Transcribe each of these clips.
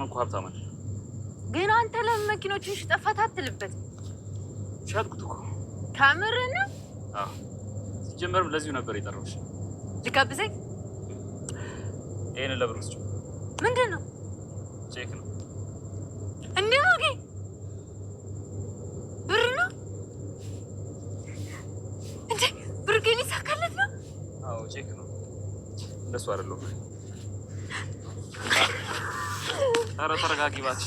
አሁን እኮ ሀብታም አይደል? ግን አንተ ለምን መኪኖችን ሽጠፋት አትልበት? ሸጥኩት እኮ ከምርህን? ሲጀመርም ለዚሁ ነበር የጠራሁሽ። ልጋብዘኝ? ይህን ለብር ስጭው። ምንድን ነው? ቼክ ነው። እንዴ ሞጌ ብር ነው እንዴ? ብር ግን ይሳካለት ነው? አዎ ቼክ ነው። እንደሱ አይደለሁም ኧረ ተረጋጊ እባክሽ።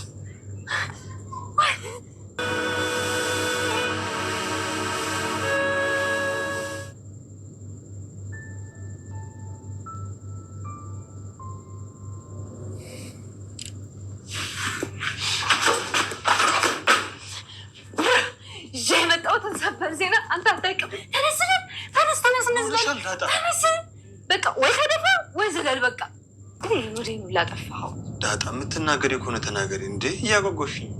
ዜና አንተ አታውቅም። ወይ በቃ ላጠፋ ዳጣ የምትናገሪ ከሆነ ተናገሪ እንዴ። እያጓጓሽኝ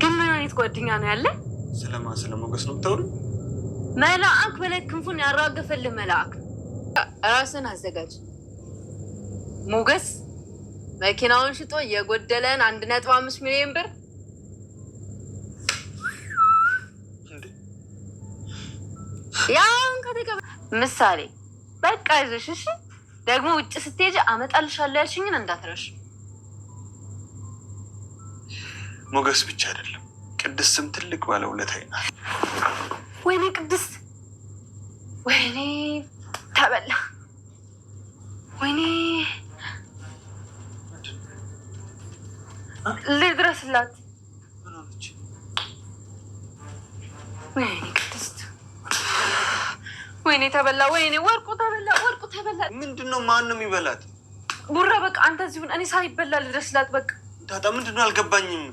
ግን ምን አይነት ጓደኛ ነው ያለ? ስለማ ስለሞገስ ነው የምታወሪው? መልአክ በላይ ክንፉን ያራገፈልህ መልአክ። ራስን አዘጋጅ። ሞገስ መኪናውን ሽጦ የጎደለን አንድ ነጥብ አምስት ሚሊዮን ብር ያን ከተቀበ ምሳሌ በቃ ይዘሽ እሺ። ደግሞ ውጭ ስትሄጂ አመጣልሻለሁ ያልሽኝን እንዳትረሽ። ሞገስ ብቻ አይደለም፣ ቅድስትም ትልቅ ባለውለታዬ ናት። ወይኔ ቅድስት፣ ወይኔ ተበላ፣ ወይኔ ልድረስላት። ወይኔ ቅድስት፣ ወይኔ ተበላ፣ ወይኔ ወርቁ ተበላ፣ ወርቁ ተበላ። ምንድን ነው? ማንም ይበላት። ቡራ፣ በቃ አንተ እዚሁን፣ እኔ ሳይበላ ልድረስላት። በቃ ዳጣ፣ ምንድን ነው? አልገባኝም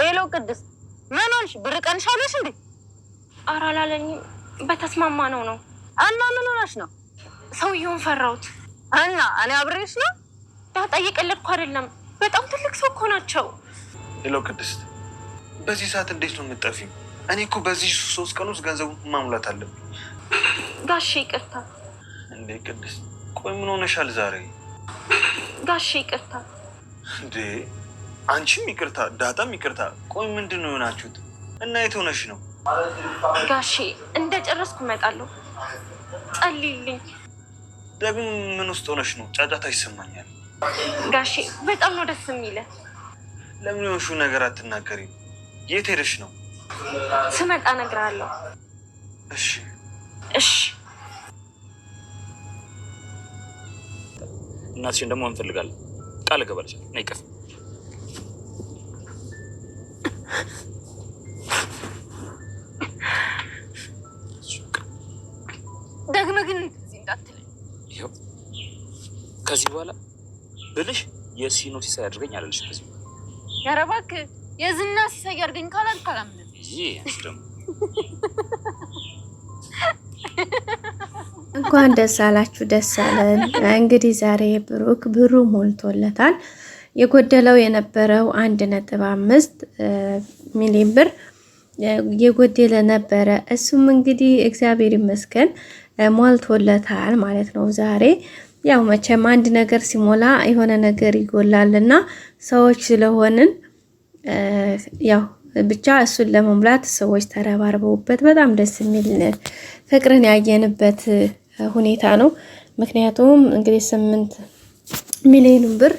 ሄሎ ቅድስ ምን ሆንሽ? ብር ቀንሻለሽ እንዴ? ኧረ አላለኝም። በተስማማ ነው ነው። እና ምን ሆነሽ ነው? ሰውየውን ፈራሁት እና እኔ አብሬሽ ነው ዳጣ፣ አይደለም። በጣም ትልቅ ሰው እኮ ናቸው። ሄሎ ቅድስት፣ በዚህ ሰዓት እንዴት ነው የምጠፊው? እኔ እኮ በዚህ ሶስት ቀን ውስጥ ገንዘቡን ማሙላት አለብኝ። ጋሽ ይቅርታ። እንዴ ቅድስት፣ ቆይ ምን ሆነሻል ዛሬ? ጋሽ ይቅርታ እንዴ አንቺም ይቅርታ ዳጣም ይቅርታ። ቆይ ምንድን ነው የሆናችሁት? እና የት ሆነሽ ነው? ጋሼ እንደ ጨረስኩ እመጣለሁ። ጸልይልኝ። ደግሞ ምን ውስጥ ሆነሽ ነው? ጫጫታ ይሰማኛል። ጋሼ በጣም ነው ደስ የሚለ። ለምን የሆንሽው ነገር አትናገሪም? የት ሄደሽ ነው? ስመጣ እነግርሃለሁ። እሺ እሺ። እናትሽን ደግሞ እንፈልጋለን ቃል እገባልሻለሁ። ነይ ቀፍ ደግሞ ግን እንደዚህ እንዳትለኝ። ይኸው ከዚህ በኋላ ብልሽ የሲኖ ሲሳይ አድርገኝ አለልሽ። ከዚህ ኧረ እባክህ የዝና ሲሳይ አድርገኝ ካላልክ አላምንም። ይህ ደግሞ እንኳን ደስ አላችሁ ደስ አለን። እንግዲህ ዛሬ ብሩክ ብሩ ሞልቶለታል። የጎደለው የነበረው አንድ ነጥብ አምስት ሚሊዮን ብር የጎደለ ነበረ። እሱም እንግዲህ እግዚአብሔር ይመስገን ሞልቶለታል ማለት ነው ዛሬ ያው መቼም አንድ ነገር ሲሞላ የሆነ ነገር ይጎላልና ሰዎች ስለሆንን ያው ብቻ እሱን ለመሙላት ሰዎች ተረባርበውበት በጣም ደስ የሚል ፍቅርን ያየንበት ሁኔታ ነው። ምክንያቱም እንግዲህ ስምንት ሚሊዮን ብር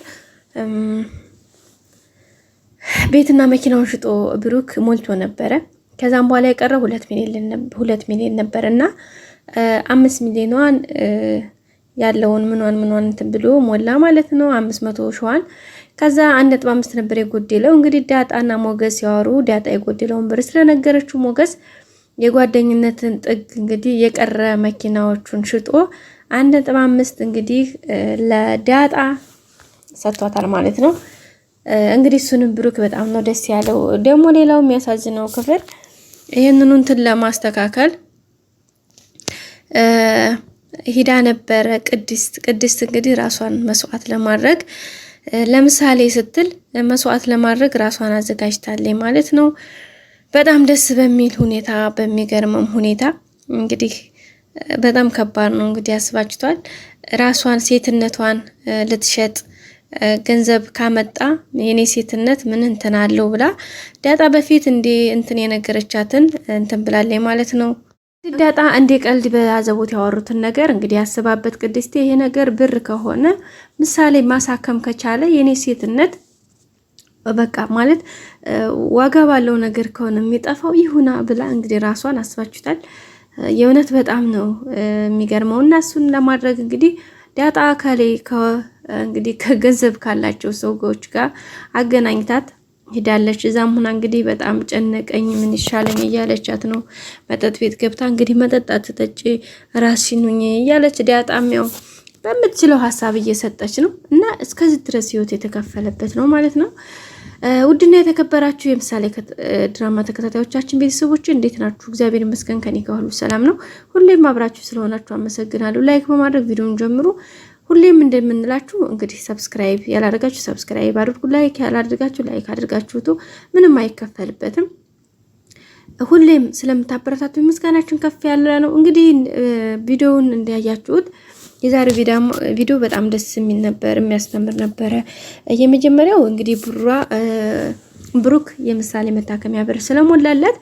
ቤትና መኪናውን ሽጦ ብሩክ ሞልቶ ነበረ። ከዛም በኋላ የቀረው ሁለት ሚሊዮን ነበር እና አምስት ሚሊዮኗን ያለውን ምኗን ምኗን እንትን ብሎ ሞላ ማለት ነው። አምስት መቶ ሸዋን ከዛ አንድ ነጥብ አምስት ነበር የጎደለው። እንግዲህ ዳጣና ሞገስ ሲያወሩ ዳጣ የጎደለውን ብር ስለነገረችው ሞገስ የጓደኝነትን ጥግ እንግዲህ የቀረ መኪናዎቹን ሽጦ አንድ ነጥብ አምስት እንግዲህ ለዳጣ ሰጥቷታል ማለት ነው። እንግዲህ እሱንም ብሩክ በጣም ነው ደስ ያለው። ደግሞ ሌላው የሚያሳዝነው ክፍል ይህንኑ እንትን ለማስተካከል ሂዳ ነበረ ቅድስት ቅድስት እንግዲህ ራሷን መስዋዕት ለማድረግ ለምሳሌ ስትል መስዋዕት ለማድረግ ራሷን አዘጋጅታለች ማለት ነው። በጣም ደስ በሚል ሁኔታ በሚገርምም ሁኔታ እንግዲህ በጣም ከባድ ነው እንግዲህ ያስባችቷል። ራሷን ሴትነቷን ልትሸጥ ገንዘብ ካመጣ የኔ ሴትነት ምን እንትን አለው ብላ ዳጣ በፊት እንዴ እንትን የነገረቻትን እንትን ብላለች ማለት ነው። ዳጣ እንዴ ቀልድ በያዘቦት ያወሩትን ነገር እንግዲህ ያስባበት ቅድስቴ። ይሄ ነገር ብር ከሆነ ምሳሌ ማሳከም ከቻለ የኔ ሴትነት በቃ ማለት ዋጋ ባለው ነገር ከሆነ የሚጠፋው ይሁና ብላ እንግዲህ ራሷን አስባችሁታል። የእውነት በጣም ነው የሚገርመው። እና እሱን ለማድረግ እንግዲህ ዳጣ አካሌ እንግዲህ ከገንዘብ ካላቸው ሰዎች ጋር አገናኝታት ሄዳለች። እዛም ሁና እንግዲህ በጣም ጨነቀኝ፣ ምን ይሻለኝ እያለቻት ነው። መጠጥ ቤት ገብታ እንግዲህ መጠጣት ተጠጪ ራስሽን ሁኚ እያለች ዳጣም ያው በምትችለው ሀሳብ እየሰጠች ነው። እና እስከዚህ ድረስ ህይወት የተከፈለበት ነው ማለት ነው። ውድና የተከበራችሁ የምሳሌ ድራማ ተከታታዮቻችን ቤተሰቦች እንዴት ናችሁ? እግዚአብሔር ይመስገን ከኔ ከሁሉ ሰላም ነው። ሁሌም አብራችሁ ስለሆናችሁ አመሰግናለሁ። ላይክ በማድረግ ቪዲዮን ጀምሩ። ሁሌም እንደምንላችሁ እንግዲህ ሰብስክራይብ ያላደርጋችሁ ሰብስክራይብ አድርጉ፣ ላይክ ያላደርጋችሁ ላይክ አድርጋችሁቱ ምንም አይከፈልበትም። ሁሌም ስለምታበረታቱ ምስጋናችን ከፍ ያለ ነው። እንግዲህ ቪዲዮውን እንዲያያችሁት የዛሬው ቪዲዮ በጣም ደስ የሚል ነበር፣ የሚያስተምር ነበረ። የመጀመሪያው እንግዲህ ቡራ ብሩክ የምሳሌ መታከሚያ ብር ስለሞላለት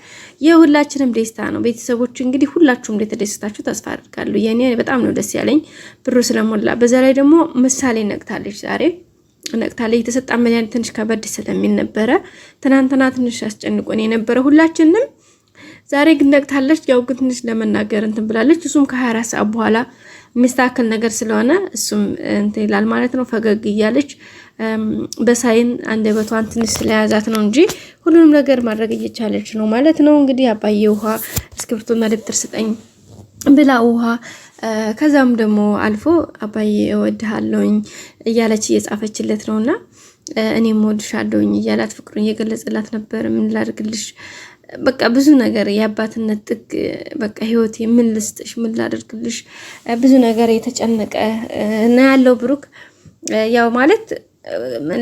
የሁላችንም ደስታ ነው። ቤተሰቦች እንግዲህ ሁላችሁም እንደተደሰታችሁ ተስፋ አድርጋለሁ። የኔ በጣም ነው ደስ ያለኝ ብሩ ስለሞላ። በዛ ላይ ደግሞ ምሳሌ ነቅታለች፣ ዛሬ ነቅታለች። የተሰጣ መድኃኒት ትንሽ ከበድ ስለሚል ነበረ ትናንትና ትንሽ ያስጨንቆን የነበረ ሁላችንም። ዛሬ ግን ነቅታለች። ያው ግን ትንሽ ለመናገር እንትን ብላለች። እሱም ከ24 ሰዓት በኋላ የሚስተካከል ነገር ስለሆነ እሱም እንትን ይላል ማለት ነው። ፈገግ እያለች በሳይን አንደበቷን ትንሽ ስለያዛት ነው እንጂ ሁሉንም ነገር ማድረግ እየቻለች ነው ማለት ነው። እንግዲህ አባዬ ውሃ እስክሪብቶና ደብተር ስጠኝ ብላ ውሃ ከዛም ደግሞ አልፎ አባዬ እወድሃለሁኝ እያለች እየጻፈችለት ነውና እኔም እወድሻለሁኝ እያላት ፍቅሩን እየገለጸላት ነበር። ምን ላድርግልሽ በቃ ብዙ ነገር የአባትነት ጥግ በቃ ህይወት የምን ልስጥሽ ምን ላደርግልሽ ብዙ ነገር የተጨነቀ ነው ያለው ብሩክ። ያው ማለት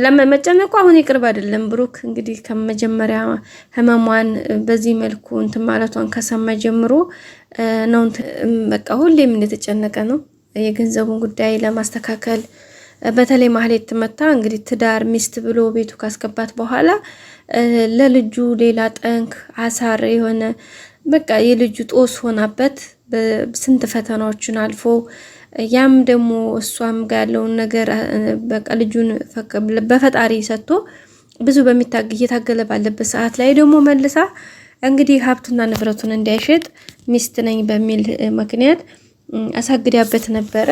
ለመጨነቁ አሁን የቅርብ አይደለም። ብሩክ እንግዲህ ከመጀመሪያ ህመሟን በዚህ መልኩ እንትን ማለቷን ከሰማ ጀምሮ ነው በቃ ሁሌም እንደተጨነቀ ነው። የገንዘቡን ጉዳይ ለማስተካከል በተለይ ማህሌት ትመታ እንግዲህ ትዳር ሚስት ብሎ ቤቱ ካስገባት በኋላ ለልጁ ሌላ ጠንክ አሳር የሆነ በቃ የልጁ ጦስ ሆናበት ስንት ፈተናዎችን አልፎ ያም ደግሞ እሷም ጋር ያለውን ነገር በቃ ልጁን በፈጣሪ ሰጥቶ ብዙ በሚታግ እየታገለ ባለበት ሰዓት ላይ ደግሞ መልሳ እንግዲህ ሀብቱና ንብረቱን እንዳይሸጥ ሚስት ነኝ በሚል ምክንያት አሳግዳበት ነበረ።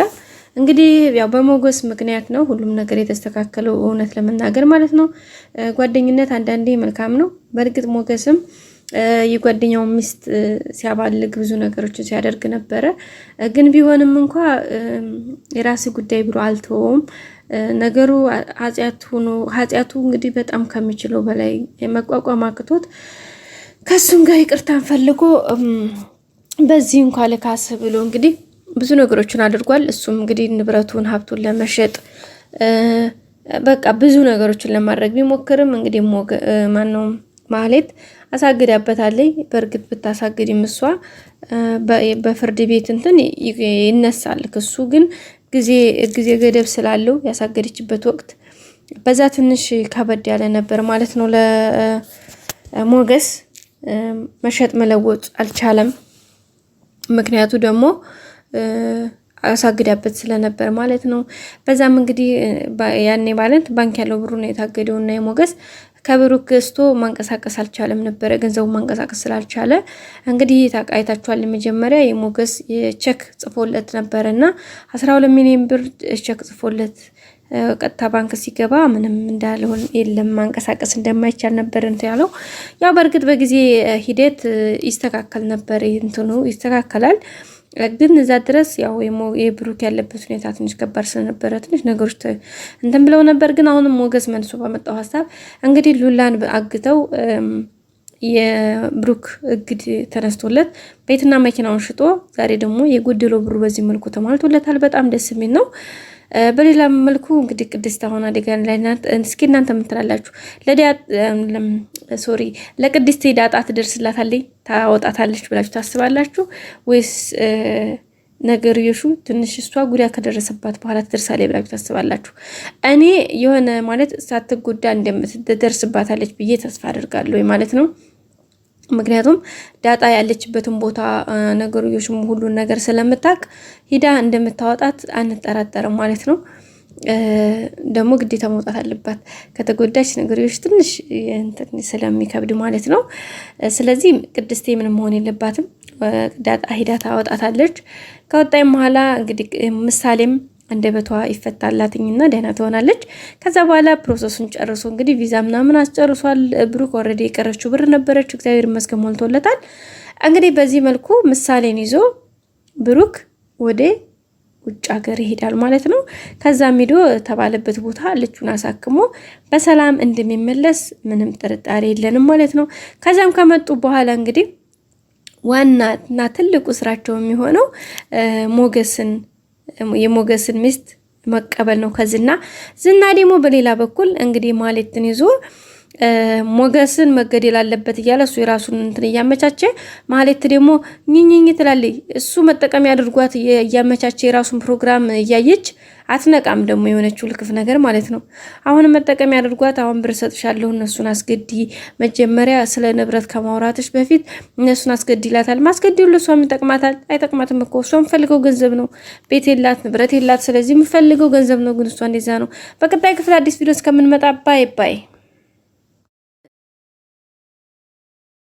እንግዲህ ያው በሞገስ ምክንያት ነው ሁሉም ነገር የተስተካከለው፣ እውነት ለመናገር ማለት ነው። ጓደኝነት አንዳንዴ መልካም ነው። በእርግጥ ሞገስም የጓደኛውን ሚስት ሲያባልግ ብዙ ነገሮችን ሲያደርግ ነበረ። ግን ቢሆንም እንኳ የራስ ጉዳይ ብሎ አልተወውም። ነገሩ ኃጢአት ሆኖ ኃጢአቱ እንግዲህ በጣም ከሚችለው በላይ የመቋቋም አቅቶት ከሱም ጋር ይቅርታን ፈልጎ በዚህ እንኳ ልካስ ብሎ እንግዲህ ብዙ ነገሮችን አድርጓል። እሱም እንግዲህ ንብረቱን ሀብቱን ለመሸጥ በቃ ብዙ ነገሮችን ለማድረግ ቢሞክርም እንግዲህ ማነው ማህሌት አሳግዳበታለች። በእርግጥ ብታሳግድም እሷ በፍርድ ቤት እንትን ይነሳል ክሱ። ግን ጊዜ ጊዜ ገደብ ስላለው ያሳገደችበት ወቅት በዛ ትንሽ ከበድ ያለ ነበር ማለት ነው። ለሞገስ መሸጥ መለወጥ አልቻለም። ምክንያቱ ደግሞ አሳግዳበት ስለነበር ማለት ነው። በዛም እንግዲህ ያኔ ባለንት ባንክ ያለው ብሩ ነው የታገደው እና የሞገስ ከብሩ ገዝቶ ማንቀሳቀስ አልቻለም ነበረ። ገንዘቡ ማንቀሳቀስ ስላልቻለ እንግዲህ አይታችኋል። መጀመሪያ የሞገስ ቼክ ጽፎለት ነበረ እና አስራ ሁለት ሚሊዮን ብር ቼክ ጽፎለት ቀጥታ ባንክ ሲገባ ምንም እንዳልሆን የለም ማንቀሳቀስ እንደማይቻል ነበር እንትን ያለው። ያው በእርግጥ በጊዜ ሂደት ይስተካከል ነበር እንትኑ ይስተካከላል። ግን እዛ ድረስ ያው የብሩክ ያለበት ሁኔታ ትንሽ ከባድ ስለነበረ ትንሽ ነገሮች እንትን ብለው ነበር። ግን አሁንም ሞገስ መልሶ ባመጣው ሀሳብ እንግዲህ ሉላን አግተው የብሩክ እግድ ተነስቶለት ቤትና መኪናውን ሽጦ ዛሬ ደግሞ የጎደለው ብሩ በዚህ መልኩ ተሟልቶለታል። በጣም ደስ የሚል ነው። በሌላ መልኩ እንግዲህ ቅድስት አሁን አደጋ እስኪ እናንተ ምትላላችሁ? ሶሪ ለቅድስት ዳጣ ትደርስላታለች ታወጣታለች ብላችሁ ታስባላችሁ ወይስ የሹ ትንሽ እሷ ጉዳት ከደረሰባት በኋላ ትደርሳለች ብላችሁ ታስባላችሁ? እኔ የሆነ ማለት ሳትጎዳ እንደምትደርስባታለች ብዬ ተስፋ አድርጋለሁ ማለት ነው። ምክንያቱም ዳጣ ያለችበትን ቦታ ነገሮችም ሁሉን ነገር ስለምታውቅ ሂዳ እንደምታወጣት አንጠራጠርም ማለት ነው። ደግሞ ግዴታ መውጣት አለባት ከተጎዳች ነገሮች ትንሽ ስለሚከብድ ማለት ነው። ስለዚህ ቅድስቴ ምንም መሆን የለባትም። ዳጣ ሂዳ ታወጣታለች። ከወጣይም በኋላ እንግዲህ ምሳሌም አንደበቷ ይፈታላትኝና ደህና ትሆናለች። ከዛ በኋላ ፕሮሰሱን ጨርሶ እንግዲህ ቪዛ ምናምን አስጨርሷል። ብሩክ ኦልሬዲ የቀረችው ብር ነበረች። እግዚአብሔር ይመስገን ሞልቶለታል። እንግዲህ በዚህ መልኩ ምሳሌን ይዞ ብሩክ ወደ ውጭ ሀገር ይሄዳል ማለት ነው። ከዛም ሄዶ ተባለበት ቦታ ልጁን አሳክሞ በሰላም እንደሚመለስ ምንም ጥርጣሬ የለንም ማለት ነው። ከዛም ከመጡ በኋላ እንግዲህ ዋና እና ትልቁ ስራቸው የሚሆነው ሞገስን የሞገስን ሚስት መቀበል ነው ከዝና። ዝና ደግሞ በሌላ በኩል እንግዲህ ማሌትን ይዞ ሞገስን መገደል አለበት እያለ እሱ የራሱን እንትን እያመቻቸ ማህሌት ደግሞ ኝኝኝ ትላለች። እሱ መጠቀሚያ አድርጓት እያመቻቸ የራሱን ፕሮግራም እያየች አትነቃም። ደግሞ የሆነችው ልክፍ ነገር ማለት ነው። አሁንም መጠቀሚያ አድርጓት፣ አሁን ብር ሰጥሻለሁ፣ እነሱን አስገዲ። መጀመሪያ ስለ ንብረት ከማውራትሽ በፊት እነሱን አስገዲ ይላታል። ሁሉ ለእሷም ይጠቅማታል። አይጠቅማትም እኮ እሷ የምፈልገው ገንዘብ ነው። ቤት የላት ንብረት የላት። ስለዚህ የምፈልገው ገንዘብ ነው። ግን እሷ እንደዛ ነው። በቀጣይ ክፍል አዲስ ቪዲዮ እስከምንመጣ ባይ ባይ።